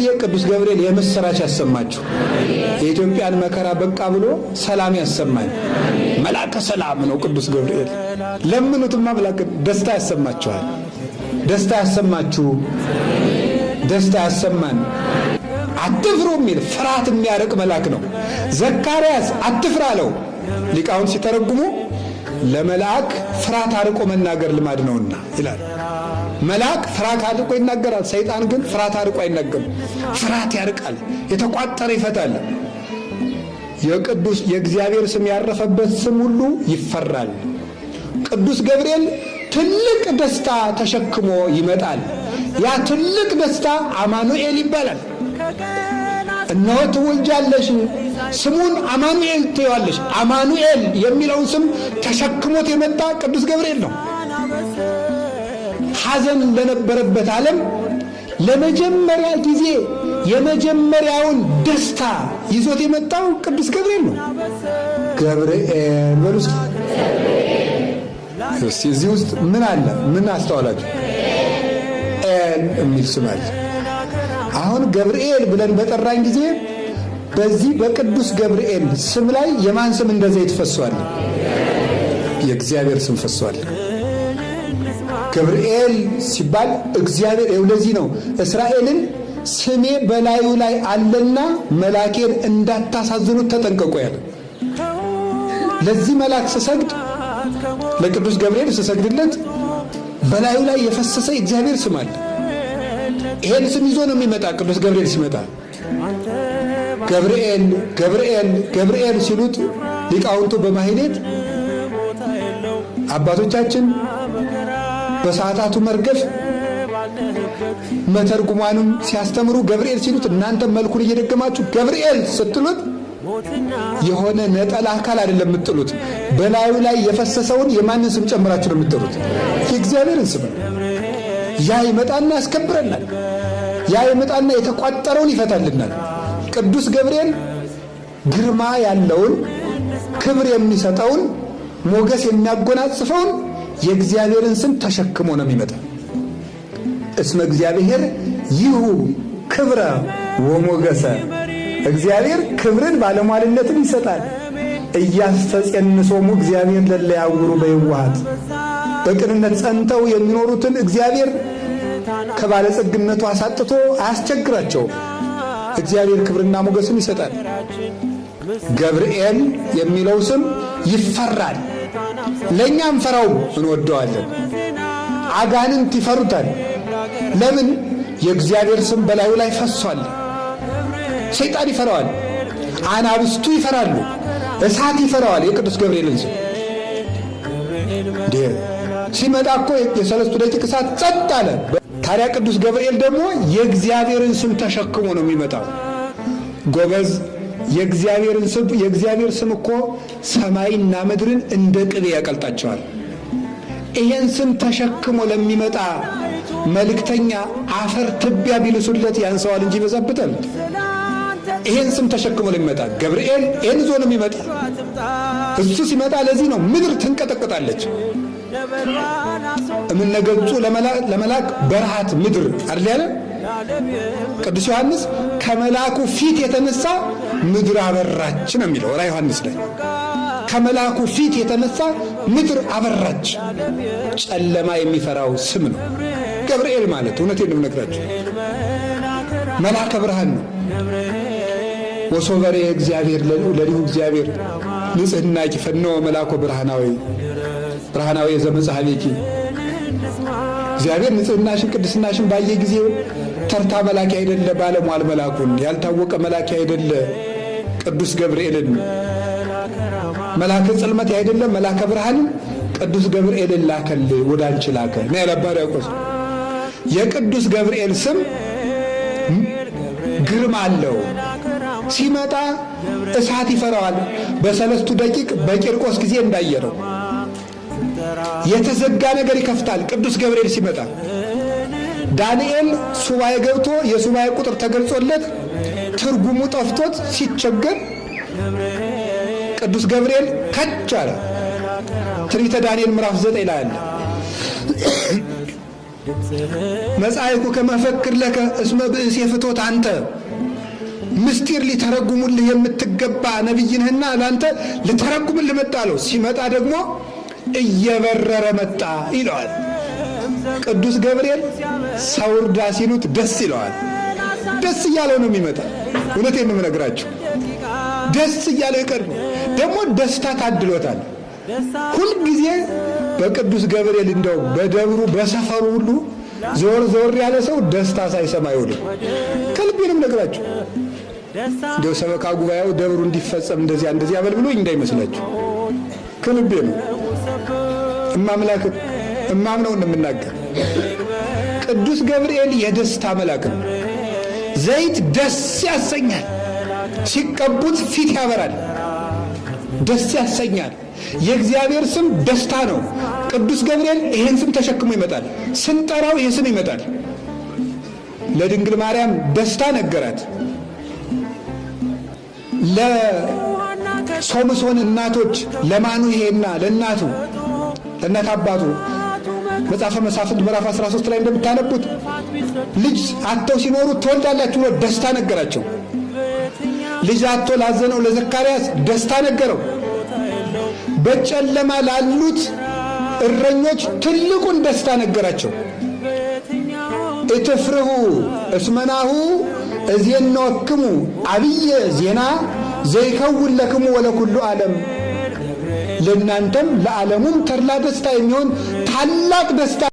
ጊዜ ቅዱስ ገብርኤል የምስራች ያሰማችሁ፣ የኢትዮጵያን መከራ በቃ ብሎ ሰላም ያሰማኝ። መላከ ሰላም ነው ቅዱስ ገብርኤል። ለምኑትማ መላከ ደስታ ያሰማችኋል። ደስታ ያሰማችሁ፣ ደስታ ያሰማን። አትፍሩ የሚል ፍርሃት የሚያርቅ መልአክ ነው። ዘካርያስ አትፍራ አለው ሊቃውን ሲተረጉሙ ለመልአክ ፍርሃት አርቆ መናገር ልማድ ነውና ይላል። መልአክ ፍርሃት አርቆ ይናገራል። ሰይጣን ግን ፍርሃት አርቆ አይናገርም። ፍርሃት ያርቃል፣ የተቋጠረ ይፈታል። የቅዱስ የእግዚአብሔር ስም ያረፈበት ስም ሁሉ ይፈራል። ቅዱስ ገብርኤል ትልቅ ደስታ ተሸክሞ ይመጣል። ያ ትልቅ ደስታ አማኑኤል ይባላል። እነሆ ትውልጃለሽ፣ ስሙን አማኑኤል ትዋለሽ። አማኑኤል የሚለውን ስም ተሸክሞት የመጣ ቅዱስ ገብርኤል ነው። ሐዘን ለነበረበት ዓለም ለመጀመሪያ ጊዜ የመጀመሪያውን ደስታ ይዞት የመጣው ቅዱስ ገብርኤል ነው። ገብርኤል በሉስ። እዚህ ውስጥ ምን አለ? ምን አስተዋላችሁ? ኤል የሚል ስም አለ። አሁን ገብርኤል ብለን በጠራን ጊዜ በዚህ በቅዱስ ገብርኤል ስም ላይ የማን ስም እንደ ዘይት ፈሷል? የእግዚአብሔር ስም ፈሷል። ገብርኤል ሲባል እግዚአብሔር ለዚህ ነው እስራኤልን ስሜ በላዩ ላይ አለና መላኬን እንዳታሳዝኑት ተጠንቀቁ ያለ። ለዚህ መልአክ ስሰግድ ለቅዱስ ገብርኤል ስሰግድለት በላዩ ላይ የፈሰሰ እግዚአብሔር ስም አለ። ይሄን ስም ይዞ ነው የሚመጣ። ቅዱስ ገብርኤል ሲመጣ ገብርኤል ገብርኤል ገብርኤል ሲሉት ሊቃውንቱ በማህሌት አባቶቻችን በሰዓታቱ መርገፍ መተርጉማንም ሲያስተምሩ ገብርኤል ሲሉት እናንተ መልኩን እየደገማችሁ ገብርኤል ስትሉት የሆነ ነጠላ አካል አይደለም የምትጥሉት። በላዩ ላይ የፈሰሰውን የማንን ስም ጨምራችሁ ነው የምትጥሉት? የእግዚአብሔርን ስም ያ ይመጣና ያስከብረናል። ያ ይመጣና የተቋጠረውን ይፈታልናል። ቅዱስ ገብርኤል ግርማ ያለውን ክብር የሚሰጠውን ሞገስ የሚያጎናጽፈውን የእግዚአብሔርን ስም ተሸክሞ ነው የሚመጣ። እስመ እግዚአብሔር ይሁ ክብረ ወሞገሰ እግዚአብሔር ክብርን ባለሟልነትን ይሰጣል። እያስተጼንሶሙ እግዚአብሔር ለለያውሩ በይዋሃት በቅንነት ጸንተው የሚኖሩትን እግዚአብሔር ከባለጸግነቱ አሳጥቶ አያስቸግራቸውም። እግዚአብሔር ክብርና ሞገስን ይሰጣል። ገብርኤል የሚለው ስም ይፈራል። ለእኛ እንፈራውም እንወደዋለን። አጋንንት ይፈሩታል። ለምን? የእግዚአብሔር ስም በላዩ ላይ ፈሷል። ሰይጣን ይፈራዋል። አናብስቱ ይፈራሉ። እሳት ይፈራዋል። የቅዱስ ገብርኤልን ስም ሲመጣ እኮ የሰለስቱ ደቂቅ እሳት ጸጥ አለ። ታዲያ ቅዱስ ገብርኤል ደግሞ የእግዚአብሔርን ስም ተሸክሞ ነው የሚመጣው። ጎበዝ የእግዚአብሔርን ስም የእግዚአብሔር ስም እኮ ሰማይና ምድርን እንደ ቅቤ ያቀልጣቸዋል። ይሄን ስም ተሸክሞ ለሚመጣ መልእክተኛ አፈር ትቢያ ቢልሱለት ያንሰዋል እንጂ ይበዛበታል። ይሄን ስም ተሸክሞ ለሚመጣ ገብርኤል ይህን ዞ ነው የሚመጣ። እሱ ሲመጣ ለዚህ ነው ምድር ትንቀጠቀጣለች። እምነገጹ ለመላክ በረሃት ምድር አይደል ያለ ቅዱስ ዮሐንስ ከመላኩ ፊት የተነሳ ምድር አበራች ነው የሚለው ራ ዮሐንስ ላይ ከመልአኩ ፊት የተነሳ ምድር አበራች ጨለማ የሚፈራው ስም ነው ገብርኤል ማለት እውነቴን ነው የምነግራቸው መልአከ ብርሃን ነው ወሶበሬ እግዚአብሔር ለሊሁ እግዚአብሔር ንጽህና ይፈነወ መልአኮ ብርሃናዊ ብርሃናዊ ዘመጽሐቤኪ እግዚአብሔር ንጽህናሽን ቅድስናሽን ባየ ጊዜ ተርታ መላኪ አይደለ ባለሟል መላኩን ያልታወቀ መላኪ አይደለ ቅዱስ ገብርኤልን መላከ ጽልመት አይደለ መላከ ብርሃንን ቅዱስ ገብርኤልን ላከል ወደ አንቺ ላከ ና ያቆስ የቅዱስ ገብርኤል ስም ግርማ አለው። ሲመጣ እሳት ይፈራዋል። በሰለስቱ ደቂቅ በቂርቆስ ጊዜ እንዳየረው የተዘጋ ነገር ይከፍታል። ቅዱስ ገብርኤል ሲመጣ ዳንኤል ሱባኤ ገብቶ የሱባኤ ቁጥር ተገልጾለት ትርጉሙ ጠፍቶት ሲቸገር ቅዱስ ገብርኤል ከች አለ። ትንቢተ ዳንኤል ምዕራፍ ዘጠኝ ላይ አለ መጻይኩ ከመፈክር ለከ እስመ ብእስ የፍቶት አንተ ምስጢር ሊተረጉሙልህ የምትገባ ነቢይንህና ለአንተ ልተረጉምልህ መጣለው። ሲመጣ ደግሞ እየበረረ መጣ ይለዋል ቅዱስ ገብርኤል። ሰውርዳ ሲሉት ደስ ይለዋል። ደስ እያለው ነው የሚመጣ። እውነት ነው የምነግራችሁ። ደስ እያለው ይቀድሞ ደግሞ ደስታ ታድሎታል። ሁልጊዜ በቅዱስ ገብርኤል እንደው በደብሩ በሰፈሩ ሁሉ ዘወር ዘወር ያለ ሰው ደስታ ሳይሰማ አይውልም። ከልቤንም ነግራችሁ እንደው ሰበካ ጉባኤው ደብሩ እንዲፈጸም እንደዚያ እንደዚያ በል ብሎ እንዳይመስላችሁ ከልቤ ነው። እማምላክ እማምነውን እንደምናገር ቅዱስ ገብርኤል የደስታ መልአክ ነው። ዘይት ደስ ያሰኛል። ሲቀቡት ፊት ያበራል። ደስ ያሰኛል። የእግዚአብሔር ስም ደስታ ነው። ቅዱስ ገብርኤል ይሄን ስም ተሸክሞ ይመጣል። ስንጠራው ይህ ስም ይመጣል። ለድንግል ማርያም ደስታ ነገራት። ለሶምሶን እናቶች ለማኑሄና ለእናቱ እናት አባቱ መጽሐፈ መሳፍንት ምዕራፍ 13 ላይ እንደምታነቡት ልጅ አጥተው ሲኖሩ ትወልዳላችሁ ብሎ ደስታ ነገራቸው። ልጅ አጥቶ ላዘነው ለዘካርያስ ደስታ ነገረው። በጨለማ ላሉት እረኞች ትልቁን ደስታ ነገራቸው። እትፍርሁ እስመናሁ እዜነወክሙ አብየ ዜና ዘይከውን ለክሙ ወለኩሉ ዓለም ለእናንተም ለዓለሙም ተድላ ደስታ የሚሆን ታላቅ ደስታ